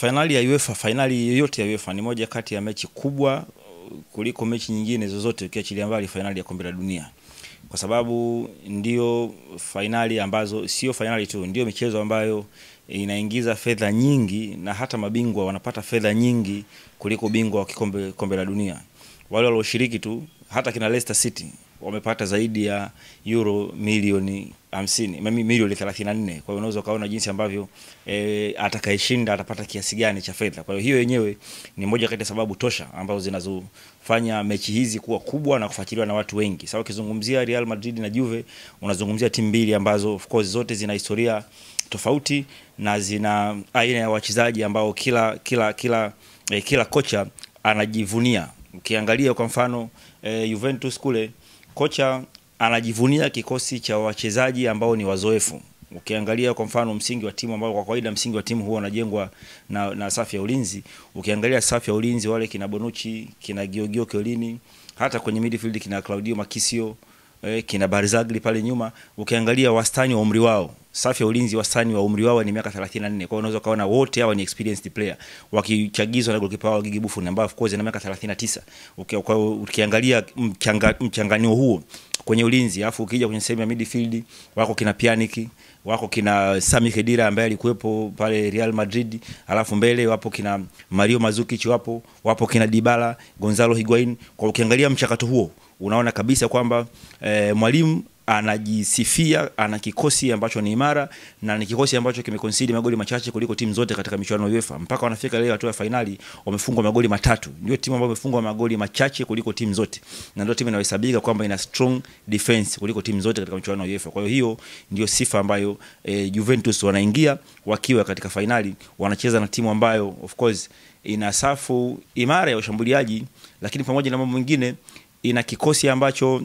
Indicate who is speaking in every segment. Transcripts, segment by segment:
Speaker 1: fainali ya UEFA, fainali yoyote ya UEFA ni moja kati ya mechi kubwa uh, kuliko mechi nyingine zozote, ukiachilia mbali fainali ya kombe la dunia, kwa sababu ndio fainali ambazo sio fainali tu, ndio michezo ambayo inaingiza fedha nyingi na hata mabingwa wanapata fedha nyingi kuliko bingwa wa kikombe kombe la dunia. Wale walioshiriki tu hata kina Leicester City wamepata zaidi ya euro milioni hamsini milioni 34. Kwa hiyo unaweza ukaona jinsi ambavyo e, atakayeshinda atapata kiasi gani cha fedha. Kwa hiyo hiyo yenyewe ni moja kati ya sababu tosha ambazo zinazofanya mechi hizi kuwa kubwa na kufuatiliwa na watu wengi. Sasa ukizungumzia Real Madrid na Juve, unazungumzia timu mbili ambazo of course zote zina historia tofauti na zina aina ya wachezaji ambao kila kila kila eh, kila kocha anajivunia. Ukiangalia kwa mfano eh, Juventus kule kocha anajivunia kikosi cha wachezaji ambao ni wazoefu. Ukiangalia kwa mfano msingi wa timu ambao kwa kawaida msingi wa timu huwa unajengwa na, na safu ya ulinzi. Ukiangalia safu ya ulinzi wale kina Bonucci, kina Giorgio Chiellini, hata kwenye midfield kina Claudio Marchisio, eh, kina Barzagli pale nyuma. Ukiangalia wastani wa umri wao safu ya ulinzi wastani wa umri wao ni miaka 34. Kwa hiyo unaweza kuona wote hawa ni experienced player wakichagizwa na goalkeeper wao Gigi Buffon ambaye of course ana miaka 39. Ukiangalia mchanga, mchanganyo huo kwenye ulinzi, alafu ukija kwenye sehemu ya midfield wako kina Pjanic, wako kina Sami Khedira ambaye alikuwepo pale Real Madrid, alafu mbele wapo kina Mario Mazukic, wapo wapo kina Dybala, Gonzalo Higuain. Kwa ukiangalia mchakato huo unaona kabisa kwamba eh, mwalimu anajisifia ana kikosi ambacho ni imara na ni kikosi ambacho kimekonsidi magoli machache kuliko timu zote katika michuano ya UEFA. Mpaka wanafika leo hatua ya fainali wamefungwa magoli matatu, ndio timu ambayo imefungwa magoli machache kuliko timu zote, na ndio timu inayohesabika kwamba ina strong defense kuliko timu zote katika michuano ya UEFA. Kwa hiyo hiyo ndio sifa ambayo e, Juventus wanaingia wakiwa katika fainali, wanacheza na timu ambayo of course ina safu imara ya ushambuliaji, lakini pamoja na mambo mengine ina kikosi ambacho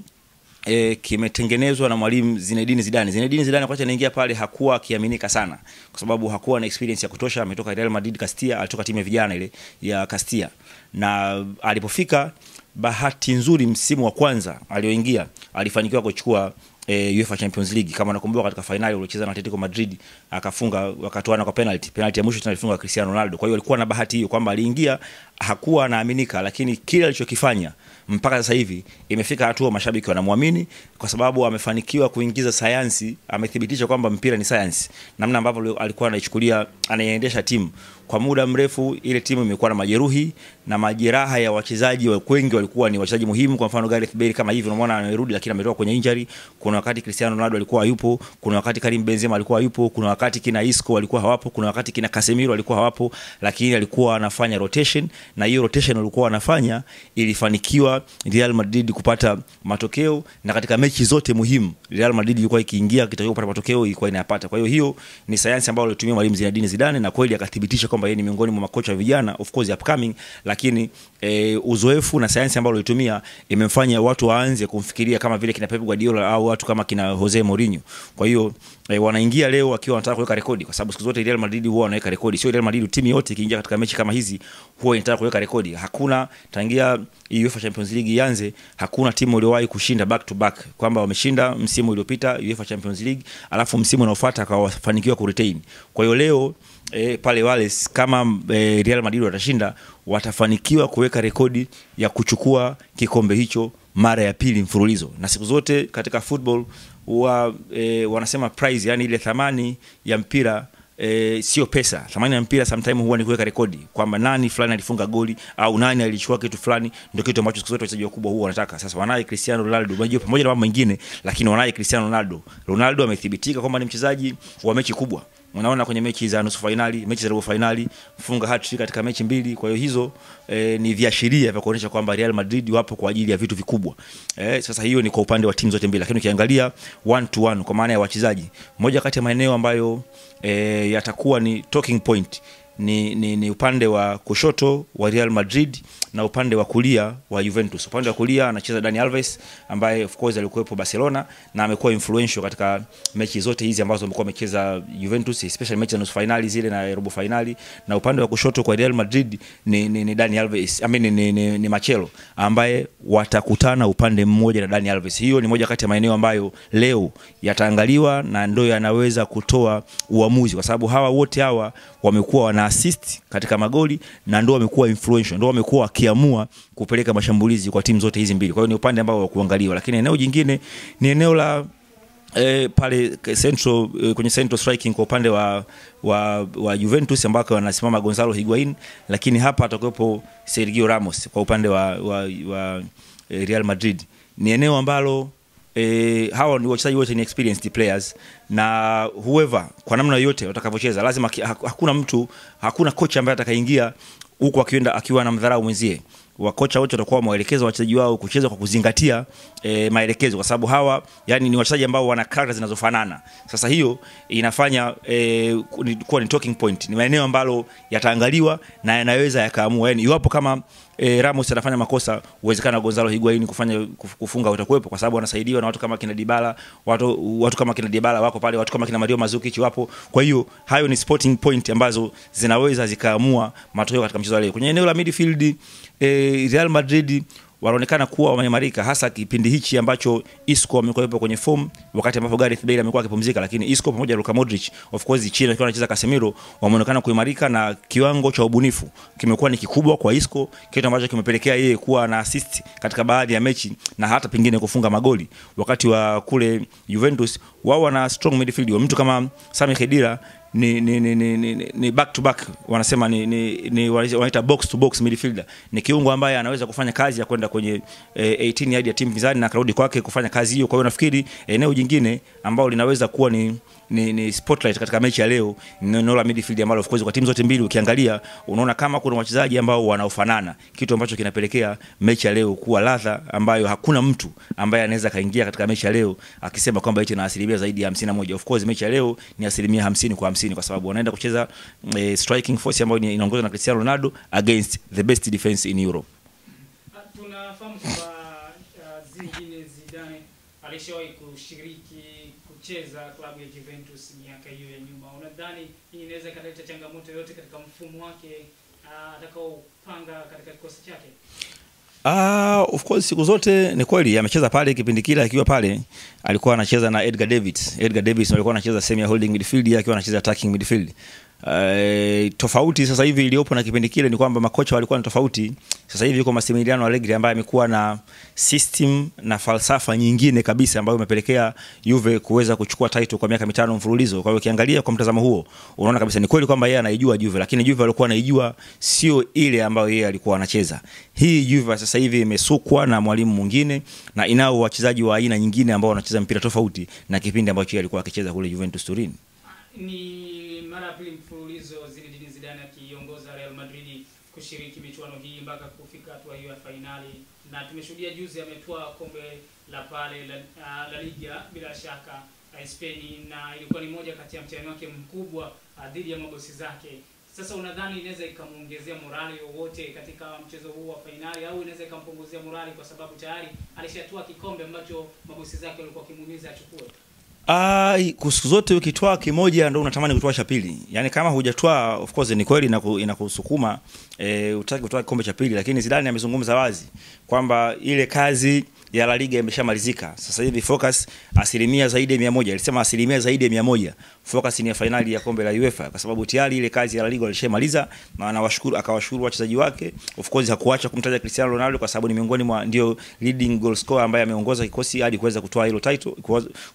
Speaker 1: e, kimetengenezwa na mwalimu Zinedine Zidane. Zinedine Zidane wakati anaingia pale hakuwa akiaminika sana kwa sababu hakuwa na experience ya kutosha. Ametoka Real Madrid Castilla, alitoka timu ya vijana ile ya Castilla, na alipofika, bahati nzuri, msimu wa kwanza alioingia alifanikiwa kuchukua e, UEFA Champions League kama nakumbuka, katika finali waliocheza na Atletico Madrid akafunga, wakatoana kwa penalty. Penalty ya mwisho tena Cristiano Ronaldo. Kwa hiyo alikuwa na bahati hiyo kwamba aliingia hakuwa anaaminika, lakini kile alichokifanya mpaka sasa hivi imefika hatua mashabiki wanamwamini kwa sababu amefanikiwa kuingiza sayansi, amethibitisha kwamba mpira ni sayansi, namna ambavyo alikuwa anaichukulia, anaendesha timu kwa muda mrefu. Ile timu imekuwa na majeruhi na majeraha ya wachezaji wengi, walikuwa ni wachezaji muhimu. Kwa mfano Gareth Bale kama hivi, unaona amerudi, lakini ametoka kwenye injury. Kuna wakati Cristiano Ronaldo alikuwa hayupo, kuna wakati Karim Benzema alikuwa hayupo, kuna wakati kina Isco alikuwa hawapo, kuna wakati kina Casemiro alikuwa hawapo, lakini alikuwa anafanya rotation, na hiyo rotation alikuwa anafanya ilifanikiwa Real Madrid kupata matokeo, na katika mechi zote muhimu Real Madrid ilikuwa ikiingia ikitakiwa kupata matokeo ilikuwa inayapata. Kwa hiyo hiyo ni sayansi ambayo alitumia mwalimu Zinedine Zidane, na kweli akathibitisha kwamba yeye ni miongoni mwa makocha vijana of course upcoming, lakini e, uzoefu na sayansi ambayo alitumia imemfanya watu waanze kumfikiria kama vile kina Pep Guardiola au watu kama kina Jose Mourinho. Kwa hiyo e, wanaingia leo wakiwa wanataka kuweka rekodi, kwa sababu siku zote Real Madrid huwa wanaweka rekodi. Sio Real Madrid, timu yote ikiingia katika mechi kama hizi huwa inataka kuweka rekodi. Hakuna tangia UEFA Champions Champions League ianze, hakuna timu iliyowahi kushinda back to back, kwamba wameshinda msimu uliopita UEFA Champions League alafu msimu unaofuata akawafanikiwa retain. Kwa hiyo leo e, pale Wales kama e, Real Madrid watashinda, watafanikiwa kuweka rekodi ya kuchukua kikombe hicho mara ya pili mfululizo. Na siku zote katika football huwa e, wanasema prize, yani ile thamani ya mpira e, sio pesa. Thamani ya mpira sometimes huwa ni kuweka rekodi kwamba nani fulani alifunga goli au nani alichukua kitu fulani, ndio kitu ambacho siku zote wachezaji wakubwa huwa wanataka. Sasa wanaye Cristiano Ronaldo, unajua pamoja na mambo mengine, lakini wanaye Cristiano Ronaldo. Ronaldo amethibitika kwamba ni mchezaji wa mechi kubwa, unaona kwenye mechi za nusu fainali, mechi za robo fainali, mfunga hat-trick katika mechi mbili. Kwa hiyo hizo e, ni viashiria vya kuonyesha kwamba Real Madrid wapo kwa ajili ya vitu vikubwa. E, sasa hiyo ni kwa upande wa timu zote mbili, lakini ukiangalia one to one, kwa maana ya wachezaji, moja kati ya maeneo ambayo e, Eh, yatakuwa ni talking point ni, ni, ni upande wa kushoto wa Real Madrid na upande wa kulia wa Juventus. Upande wa kulia anacheza Dani Alves ambaye of course alikuwepo Barcelona na amekuwa influential katika mechi zote hizi ambazo amekuwa amecheza Juventus, especially mechi za nusu finali zile na robo finali. Na upande wa kushoto kwa Real Madrid ni, ni, ni Dani Alves, I mean, ni, ni, ni, ni Marcelo ambaye watakutana upande mmoja na Dani Alves. Hiyo ni moja kati ya maeneo ambayo leo yataangaliwa na ndio yanaweza kutoa uamuzi, kwa sababu hawa wote hawa wamekuwa wana assist katika magoli na ndio wamekuwa influential, ndio wamekuwa wakiamua kupeleka mashambulizi kwa timu zote hizi mbili. Kwa hiyo ni upande ambao wa kuangaliwa, lakini eneo jingine ni eneo la E, pale central e, kwenye central striking kwa upande wa, wa, wa Juventus ambako wanasimama Gonzalo Higuain, lakini hapa atakuwepo Sergio Ramos kwa upande wa, wa, wa e, Real Madrid. Ni eneo ambalo e, hawa ni wachezaji wote ni experienced players na whoever kwa namna yoyote watakavyocheza lazima, hakuna mtu, hakuna kocha ambaye atakaingia huku akienda akiwa na mdharau mwenzie wakocha wote watakuwa wamewaelekeza wachezaji wao kucheza kwa kuzingatia e, maelekezo, kwa sababu hawa yani ni wachezaji ambao wana karakta zinazofanana. Sasa hiyo inafanya e, kuwa ni talking point, ni maeneo ambalo yataangaliwa na yanaweza yakaamua, yani iwapo kama e, Ramos anafanya makosa, uwezekana Gonzalo Higuain kufanya kufunga utakuwepo, kwa sababu anasaidiwa na watu kama kina Dybala, watu, watu kama kina Dybala wako pale, watu kama kina Mario Mazukichi wapo. Kwa hiyo hayo ni sporting point ambazo zinaweza zikaamua matokeo katika mchezo wa leo. Kwenye eneo la midfield e, Real Madrid wanaonekana kuwa wameimarika hasa kipindi hichi ambacho Isco amekuwepo kwenye form, wakati ambapo Gareth Bale amekuwa akipumzika, lakini Isco pamoja na Luka Modric, of course chini akiwa anacheza Casemiro, wameonekana kuimarika na kiwango cha ubunifu kimekuwa ni kikubwa kwa Isco, kitu ambacho kimepelekea yeye kuwa na assist katika baadhi ya mechi na hata pengine kufunga magoli. Wakati wa kule Juventus wao wana strong midfield, mtu kama Sami Khedira ni, ni, ni, ni, ni, ni back to back wanasema ni, ni, ni wanaita box to box midfielder. Ni kiungo ambaye anaweza kufanya kazi ya kwenda kwenye eh, 18 yard ya timu pinzani na karudi kwake kufanya kazi hiyo. Kwa hiyo nafikiri eneo eh, jingine ambalo linaweza kuwa ni ni, ni spotlight katika mechi ya leo ni la midfield ambalo of course kwa timu zote mbili ukiangalia unaona kama kuna wachezaji ambao wanaofanana, kitu ambacho kinapelekea mechi ya leo kuwa ladha ambayo hakuna mtu ambaye anaweza kaingia katika mechi ya leo akisema kwamba eti na asilimia zaidi ya 51. Of course mechi ya leo ni asilimia 50 kwa 50 kwa sababu wanaenda kucheza eh, striking force ambayo inaongozwa na Cristiano Ronaldo against the best defense in Europe.
Speaker 2: Ah, tunafahamu kwamba uh, zingine Zidane alishawahi kushiriki kucheza klabu ya Juventus miaka hiyo ya nyuma. Unadhani hii inaweza ikaleta changamoto yoyote katika mfumo wake ah, atakaopanga katika kikosi chake?
Speaker 1: Uh, of course siku zote ni kweli amecheza pale kipindi kile akiwa pale alikuwa anacheza na Edgar Davids. Edgar Davids alikuwa anacheza sehemu ya holding midfield, akiwa anacheza attacking midfield. Eh, tofauti sasa hivi iliyopo na kipindi kile ni kwamba makocha walikuwa na tofauti. Sasa hivi yuko Massimiliano Allegri ambaye amekuwa na system na falsafa nyingine kabisa ambayo imepelekea Juve kuweza kuchukua title kwa miaka mitano mfululizo. Kwa hiyo ukiangalia kwa mtazamo huo, unaona kabisa ni kweli kwamba yeye anaijua Juve, lakini Juve alikuwa anaijua sio ile ambayo yeye alikuwa anacheza. Hii Juve sasa hivi imesukwa na mwalimu mwingine na inao wachezaji wa aina nyingine ambao wanacheza mpira tofauti na kipindi ambacho yeye alikuwa akicheza kule Juventus Turin.
Speaker 2: Ni mara ya pili mfululizo Zinedine Zidane akiongoza Real Madrid kushiriki michuano hii mpaka kufika hatua hiyo ya fainali, na tumeshuhudia juzi ametoa kombe la pale la, la, ah, la Liga bila shaka Spain, na ilikuwa ni moja kati ya mtihani wake mkubwa ah, dhidi ya mabosi zake. Sasa unadhani inaweza ikamwongezea morali wowote katika mchezo huu wa fainali au inaweza ikampunguzia morali, kwa sababu tayari alishatua kikombe ambacho mabosi zake walikuwa wakimuumiza achukue?
Speaker 1: Ai, ah, siku zote ukitoa kimoja ndio unatamani kutoa cha pili. Yaani kama hujatoa of course ni kweli inakusukuma e, eh, utaki kutoa kikombe cha pili, lakini Zidane amezungumza wazi kwamba ile kazi ya La Liga imeshamalizika. Sasa hivi focus asilimia zaidi ya mia moja. Alisema asilimia zaidi ya mia moja. Focus ni ya finali ya kombe la UEFA kwa sababu tayari ile kazi ya La Liga alishamaliza na anawashukuru akawashukuru wachezaji wake. Of course hakuacha kumtaja Cristiano Ronaldo kwa sababu ni miongoni mwa ndio leading goal scorer ambaye ameongoza kikosi hadi kuweza kutoa hilo title,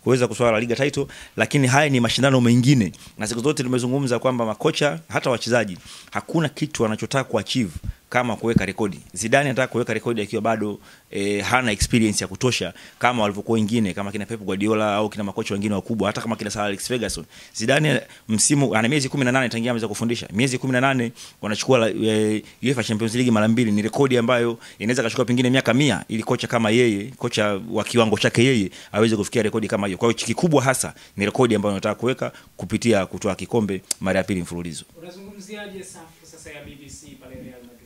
Speaker 1: kuweza kutoa la Liga title, lakini haya ni mashindano mengine, na siku zote tumezungumza kwamba makocha hata wachezaji hakuna kitu wanachotaka kuachieve kama kuweka rekodi. Zidane anataka kuweka rekodi akiwa bado e, hana experience ya kutosha kama walivyokuwa wengine kama kina Pep Guardiola au kina makocha wengine wakubwa hata kama kina Sir Alex Ferguson. Zidane eh, msimu ana miezi 18 tangia ameanza kufundisha. Miezi 18 wanachukua e, UEFA Champions League mara mbili ni rekodi ambayo inaweza kachukua pengine miaka mia ili kocha kama yeye, kocha wa kiwango chake yeye aweze kufikia rekodi kama hiyo. Kwa hiyo kikubwa hasa ni rekodi ambayo anataka kuweka kupitia kutoa kikombe mara ya pili mfululizo.
Speaker 2: Unazungumziaje safu sasa ya BBC pale Real Madrid?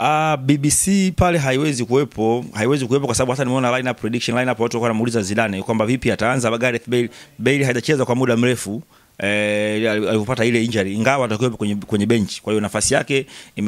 Speaker 1: Uh, ah, BBC pale haiwezi kuwepo, haiwezi kuwepo kwa sababu hata nimeona lineup prediction lineup watu wako wanamuuliza Zidane kwamba vipi ataanza. Gareth Bale, Bale hajacheza kwa muda mrefu eh, alivyopata ile injury, ingawa atakuwepo kwenye, kwenye benchi. Kwa hiyo nafasi yake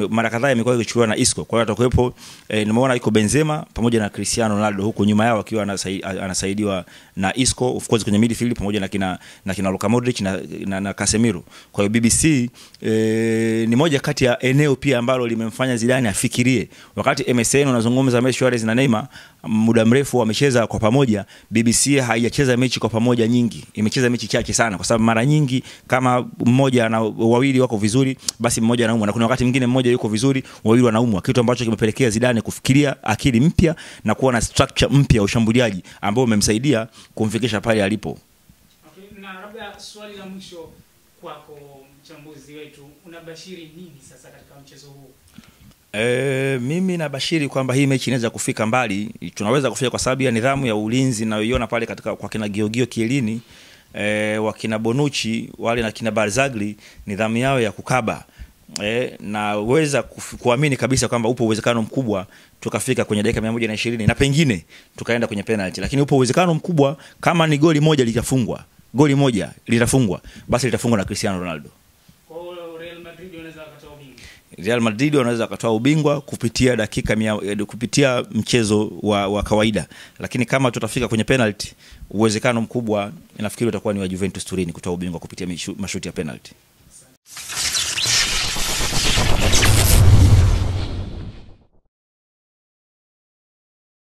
Speaker 1: mara kadhaa imekuwa ikichukuliwa na Isco. Kwa hiyo atakuwepo e, nimeona iko Benzema pamoja na Cristiano Ronaldo huko nyuma yao akiwa anasaidiwa na Isco, of course kwenye midfield pamoja na kina, na kina Luka Modric na, na, na Casemiro. Kwa hiyo BBC e, eh, ni moja kati ya eneo pia ambalo limemfanya Zidane afikirie. Wakati MSN unazungumza Messi, Suarez na Neymar muda mrefu wamecheza kwa pamoja, BBC haijacheza mechi kwa pamoja nyingi, imecheza mechi chache sana kwa sababu mara nyingi nyingi, kama mmoja na wawili wako vizuri, basi mmoja anaumwa, na kuna wakati mwingine mmoja yuko vizuri, wawili wanaumwa, kitu ambacho kimepelekea Zidane kufikiria akili mpya na kuwa na structure mpya ya ushambuliaji ambao umemsaidia kumfikisha pale alipo.
Speaker 2: Okay, na labda swali la mwisho kwako mchambuzi wetu, unabashiri nini sasa katika mchezo huu?
Speaker 1: E, mimi nabashiri kwamba hii mechi inaweza kufika mbali, tunaweza kufika kwa sababu ya nidhamu ya ulinzi nayoiona pale katika kwa kina Giorgio Chiellini e, wakina Bonucci wale na kina Barzagli nidhamu yao ya kukaba e, naweza kuamini kabisa kwamba upo uwezekano mkubwa tukafika kwenye dakika 120 na pengine tukaenda kwenye penalty, lakini upo uwezekano mkubwa kama ni goli moja litafungwa, goli moja litafungwa, basi litafungwa na Cristiano Ronaldo. Real Madrid wanaweza wakatoa ubingwa kupitia dakika mia, eh, kupitia mchezo wa, wa kawaida, lakini kama tutafika kwenye penalty, uwezekano mkubwa nafikiri utakuwa ni wa Juventus Turin kutoa ubingwa kupitia mashuti ya penalty.